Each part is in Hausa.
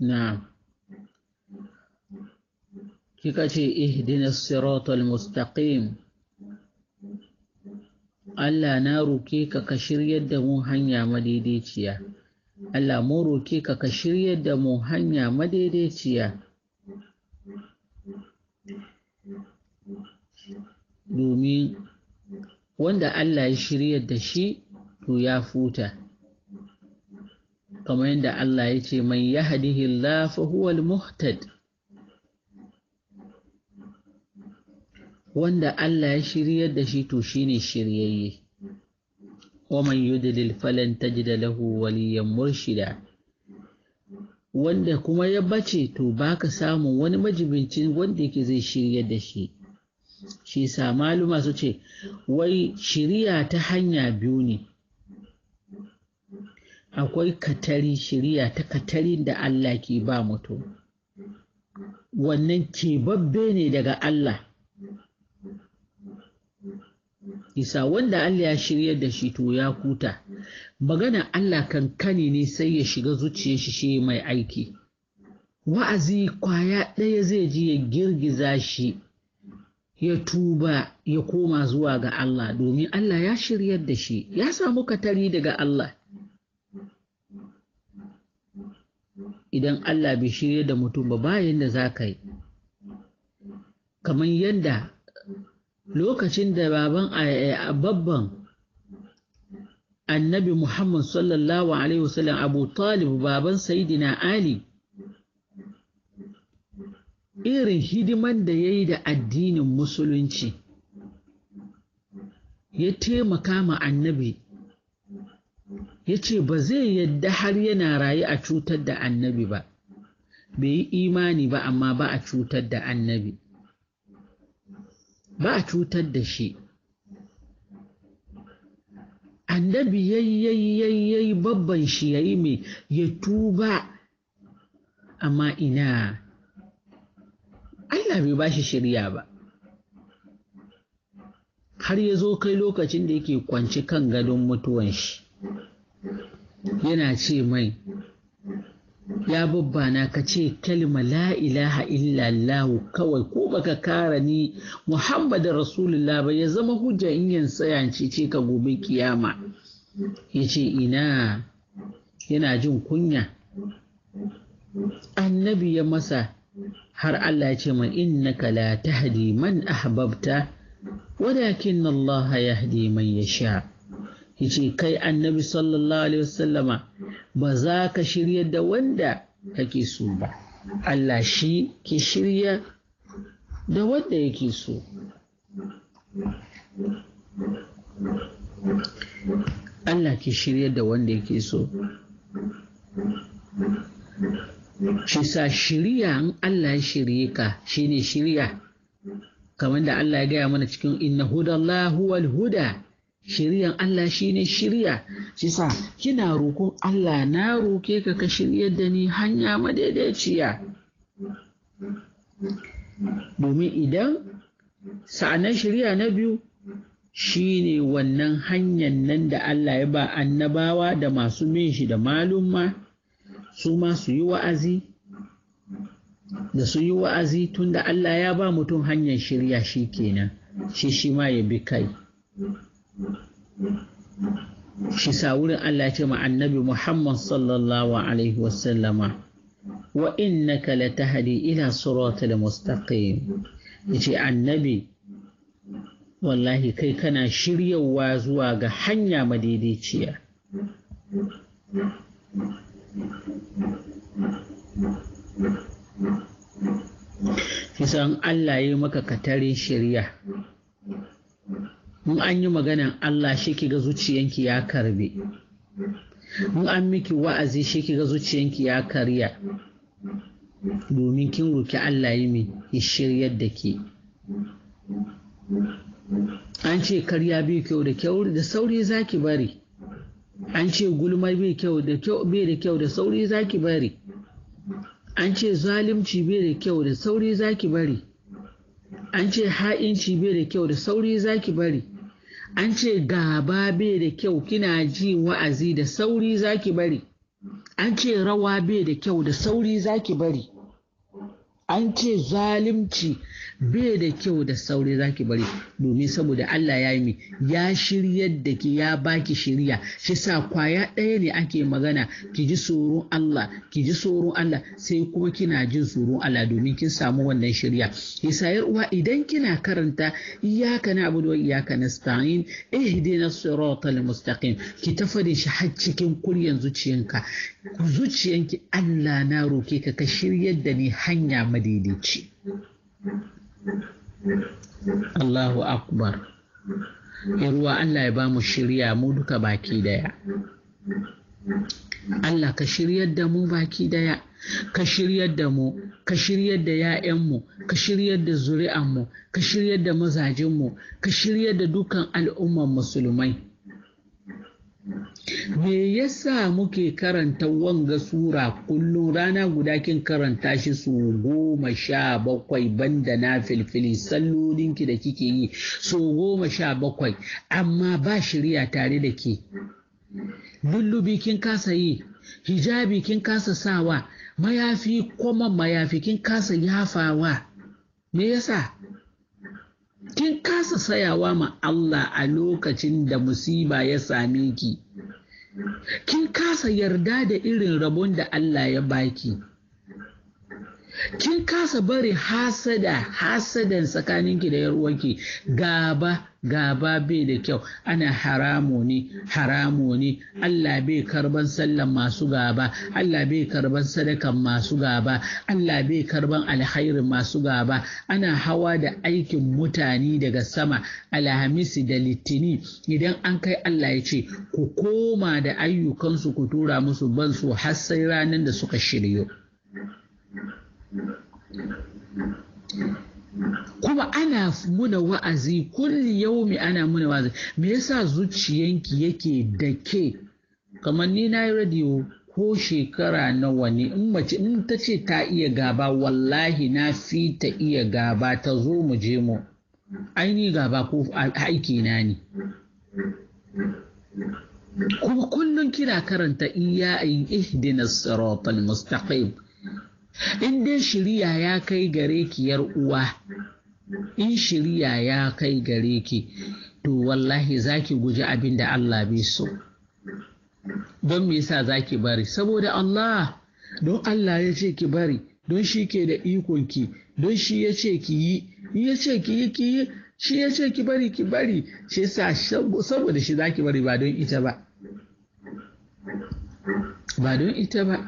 نعم كيكاتي اهدنا الصراط mustaqim Allah na roke ka ka shiryar da mu hanya madaidaiciya. Allah mu roke ka ka shiryar da mu hanya madaidaiciya. Domin wanda Allah ya shiryar da shi to ya futa. kamar yadda Allah ya ce mai yahdihi Allah muhtad wanda Allah ya shiryar da shi to shi shine shiryayye wa man yudlil falan tajid lahu waliyan murshida wanda kuma ya bace to baka samun wani majibincin wanda yake zai shirya da shi shi sa maluma su ce wai shiriya ta hanya biyu ne akwai katari shirya ta katarin da Allah ke ba mutum wannan kebabbe ne daga Allah isa wanda Allah ya shirya da shi to ya kuta magana Allah kankani ne sai ya shiga zuciyar shi shi mai aiki wa'azi kwaya ɗaya zai ji ya girgiza shi ya tuba ya koma zuwa ga Allah domin Allah ya shiryar da shi ya samu katari daga Allah idan Allah bai shirya da mutum ba bayan da za ka yi kamar yadda lokacin da baban babban annabi Muhammad sallallahu Alaihi wasallam Abu Talib baban Saidina Ali irin hidiman da ya yi da addinin musulunci ya taimaka ma annabi ya ce ba zai yadda har yana rayu a cutar da annabi ba bai yi imani ba amma ba a cutar da annabi ba a cutar da shi annabi yayi babban shi ya yi mai ya tuba amma ina Allah bai ba shi shirya ba har ya zo kai lokacin da yake kwanci kan gadon mutuwan shi yana ce mai ya babbana ka ce kalma la ilaha illallahu kawai ko baka kara ni Muhammadu rasulullah ba ya zama hujja in yin tsayance ce ka gobe kiyama ya ce ina yana jin kunya annabi ya masa har Allah ya ce ma ka la tahdi man ahbabta wadakin Allah mai man yasha yace kai annabi sallallahu alaihi wasallama ba za ka shirya da wanda kake so ba Allah shi ke shirya da wanda yake so Allah ke shirya da wanda yake so shi sa shirya in Allah ya shirye ka shine shirya kamar da Allah ya gaya mana cikin inna hudallahu wal huda shiryan Allah shine shirya shi sa kina roƙon Allah na roke ka ka shirya da ni hanya madaidaiciya domin idan sa'anan shirya na biyu shine wannan hanyar nan da Allah ya ba annabawa da masu min shi da malumma su ma su yi wa'azi da su yi wa'azi tun da Allah ya ba mutum hanyar shirya shi kenan shi shi ma ya bi kai shi wurin Allah ce ma annabi Muhammad sallallahu alaihi wasallama wa innaka latahdi ila siratal mustaqim yace annabi wallahi kai kana shiryawa zuwa ga hanya madaidaiciya kisan Allah ya maka katare shirya Mun an yi maganin Allah shi ki ga zuciyanki ya karbe mun an miki wa'azi shi ki ga zuciyanki ya karya domin kin roki Allah yi min ya shiryar da ke an ce karya bai kyau da kyau da sauri zaki bari an ce gulma bai kyau da kyau bai da kyau da sauri zaki bari an ce zalunci bai da kyau da sauri zaki bari an ce ha'inci bai da kyau da sauri zaki bari an ce gaba bai da kyau kina ji wa'azi da sauri zaki bari an ce rawa bai da kyau da sauri zaki bari an ce zalimci bai da kyau da sauri zaki bari domin saboda Allah ya yi ya shiryar da ki ya baki shirya shi sa kwaya ɗaya ne ake magana ki ji tsoron Allah ki ji tsoron Allah sai kuma kina jin tsoron Allah domin kin samu wannan shirya yasa yar uwa idan kina karanta iyyaka na'budu wa iyyaka nasta'in ihdina siratal mustaqim ki tafadin shi har cikin kuryan zuciyanka zuciyanki Allah na roke ka ka shiryar da ni hanya madidici. Allahu akbar ruwa Allah ya ba mu shirya mu duka baki daya Allah ka shiryar da mu baki daya ka shiryar da mu ka shiryar da 'ya'yanmu ka shiryar da zuri'anmu ka shiryar da mazajenmu ka shiryar da dukan al'umman musulmai me yasa muke karanta wanga sura kullum rana guda kin karanta shi su goma sha bakwai banda na filfili sallolinki da kike yi su goma sha bakwai amma ba shirya tare da ke lullubi kin kasa yi hijabi kin kasa sawa mayafi kuma mayafi kin kasa yafawa me yasa kin kasa sayawa ma Allah a lokacin da musiba ya same ki kin kasa yarda da irin rabon da Allah ya baki kin kasa bari hasada hasadan tsakaninki da yarwanki gaba gaba bai da kyau ana haramu ne haramu ne Allah bai karban sallan masu gaba Allah bai karban sadakan masu gaba Allah bai karban alkhairin masu gaba ana hawa da aikin mutane daga sama alhamisi da litini idan an kai Allah ya ce ku koma da ayyukansu ku tura musu ban su har sai ranar da suka shiryo kuma ana muna wa'azi kulli yaumi ana muna wa'azi me yasa zuciyanki yake dake kamar ni na yi radiyo ko shekara nawa ne in mace in ta ce ta iya gaba wallahi na fi ta iya gaba ta zo mu je mu aini gaba ko aiki na ne kuma kullum kira karanta iya in ihdina siratal mustaqim in dai shirya ya kai gare ki yar uwa in shirya ya kai gare ki to wallahi zaki guji abin da Allah bai so don me yasa zaki bari saboda Allah don Allah ya ce ki bari don shi ke da ikon ki don shi ya ce ki yi ya ce ki yi ki yi shi ya ce ki bari ki bari shi sa saboda shi zaki bari ba don ita ba ba don ita ba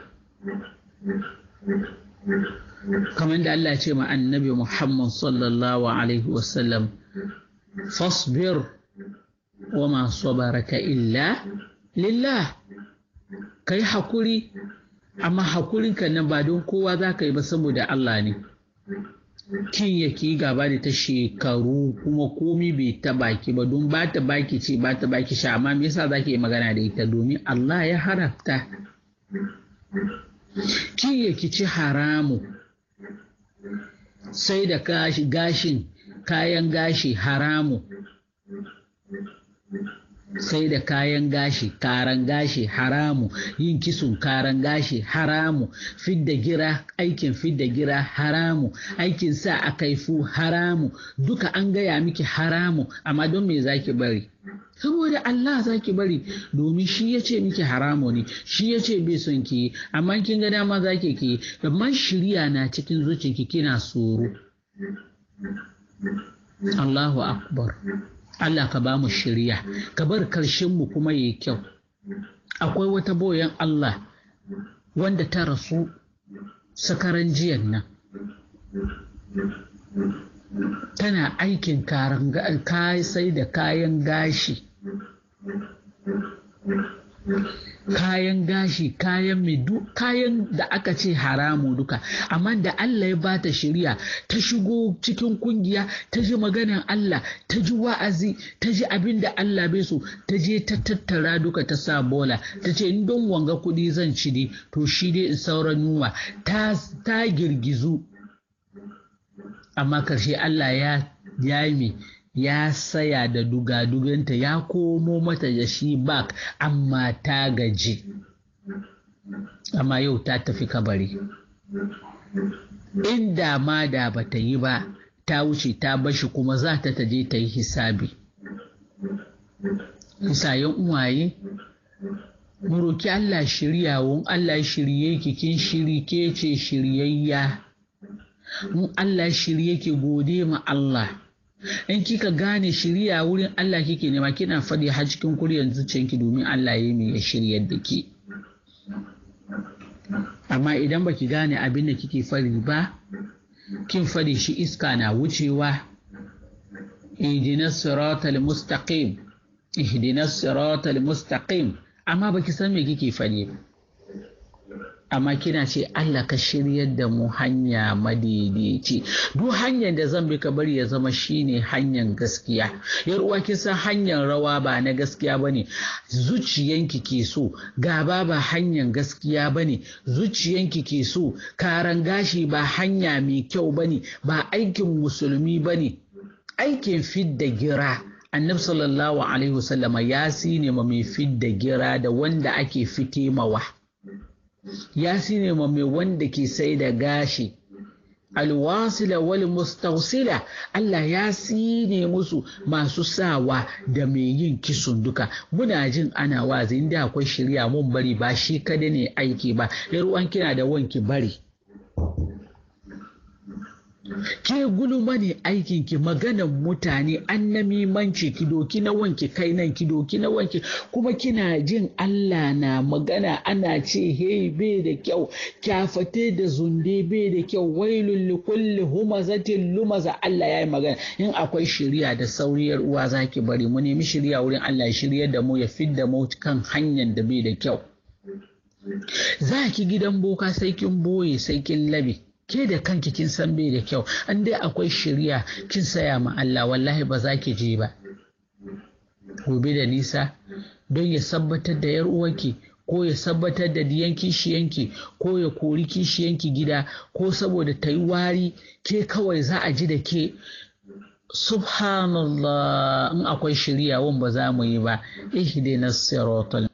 kamar da Allah ce ma annabi Muhammad sallallahu alaihi wasallam fasbir wa ma sabaraka illa lillah kai hakuri amma hakurinka nan ba don kowa za ka yi ba saboda Allah ne kin yake gaba da ta shekaru kuma komi bai ta baki ba don ba ta baki ce ba ta baki sha amma me yasa za ki yi magana da ita domin Allah ya harafta ki ya ci haramu sai da gashin kayan gashi haramu sai da kayan gashi karan gashi haramu yin kisun karan gashi haramu fidda gira aikin fidda gira haramu aikin sa a kaifu haramu duka an gaya miki haramu amma don me zaki bari saboda Allah za ki bari domin shi ya ce miki haramu ne shi ya ce bai son ki amma kin ga dama za ki ke amma shirya na cikin zuciyarki kina tsoro Allahu akbar Allah ka ba mu shirya ka bar karshen mu kuma yayi kyau akwai wata boyan Allah wanda ta rasu sakaran jiyan nan Tana aikin sai da kayan gashi kayan gashi kayan mai kayan da aka ce haramu duka amma da Allah ya bata shari'a ta shigo cikin kungiya ta ji maganan Allah ta ji wa'azi ta ji abin da Allah bai so ta je ta tattara duka ta sa bola ta ce in don wanga kudi zan ci ne to shi dai in saura nuwa. ta girgizu amma karshe Allah ya yami ya saya da dugaduganta ya komo mata da shi bak amma ta gaji amma yau ta tafi kabari inda ma da ta yi ba ta wuce ta bashi kuma za ta taje ta yi hisabi hisayen uwaye mu Allah shirya Allah shirye kikin kin shiri ke ce shiryayya Mun Allah shirye yake gode ma Allah in kika gane shirya wurin Allah kike nema kina faɗi har cikin yanzu zuciyanki domin Allah ya ya shiryar da ke amma idan baki gane abin da kike fari ba kin fari shi iska na wucewa ihdina siratal mustaqim siratal mustaqim amma baki san me kike fari ba amma kina ce Allah ka shiryar da mu hanya madaidaici duk hanyar da zan bi ka bari ya zama shine hanyar gaskiya yar uwa kin san hanyar rawa ba na gaskiya bane zuciyanki ke so gaba ba hanyar gaskiya bane zuciyanki ke so karan gashi ba hanya mai kyau bane ba aikin musulmi bane aikin fidda gira annabi sallallahu alaihi wasallama ya sine ma mai fidda gira da wanda ake fitemawa ya sine ma mai wanda ke sai da gashi alwasila wal mustausila Allah ya sine musu masu sawa da mai yin kisun duka muna jin ana wazi inda akwai shirya mun bari ba shi kada ne aiki ba yar uwan kina da wanki bari ke gulma ne aikin ki maganan mutane an mimanci ki doki na wanki kai nan ki doki na wanki kuma kina jin Allah na magana ana ce hey bai da kyau kyafate da zunde bai da kyau wailul li kulli humazatin lumaza Allah yayi magana in akwai shiriya da sauriyar uwa zaki bari mu nemi shiriya wurin Allah shiryar da mu ya fidda mu kan hanyar da bai da kyau za ki gidan boka sai kin boye sai kin labe ke da kanki kin san bai da kyau an dai akwai shirya kin saya ma Allah wallahi ba za ki je ba gobe da nisa don ya sabbatar da yar uwanki ko ya sabbatar da diyan kishiyanki ko ya kori kishiyanki gida ko saboda ta yi wari ke kawai za a ji da ke subhanallah in akwai shirya wan ba za mu yi ba ihdina siratal